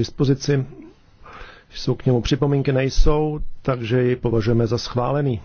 dispozici. Jsou k němu připomínky, nejsou, takže ji považujeme za schválený.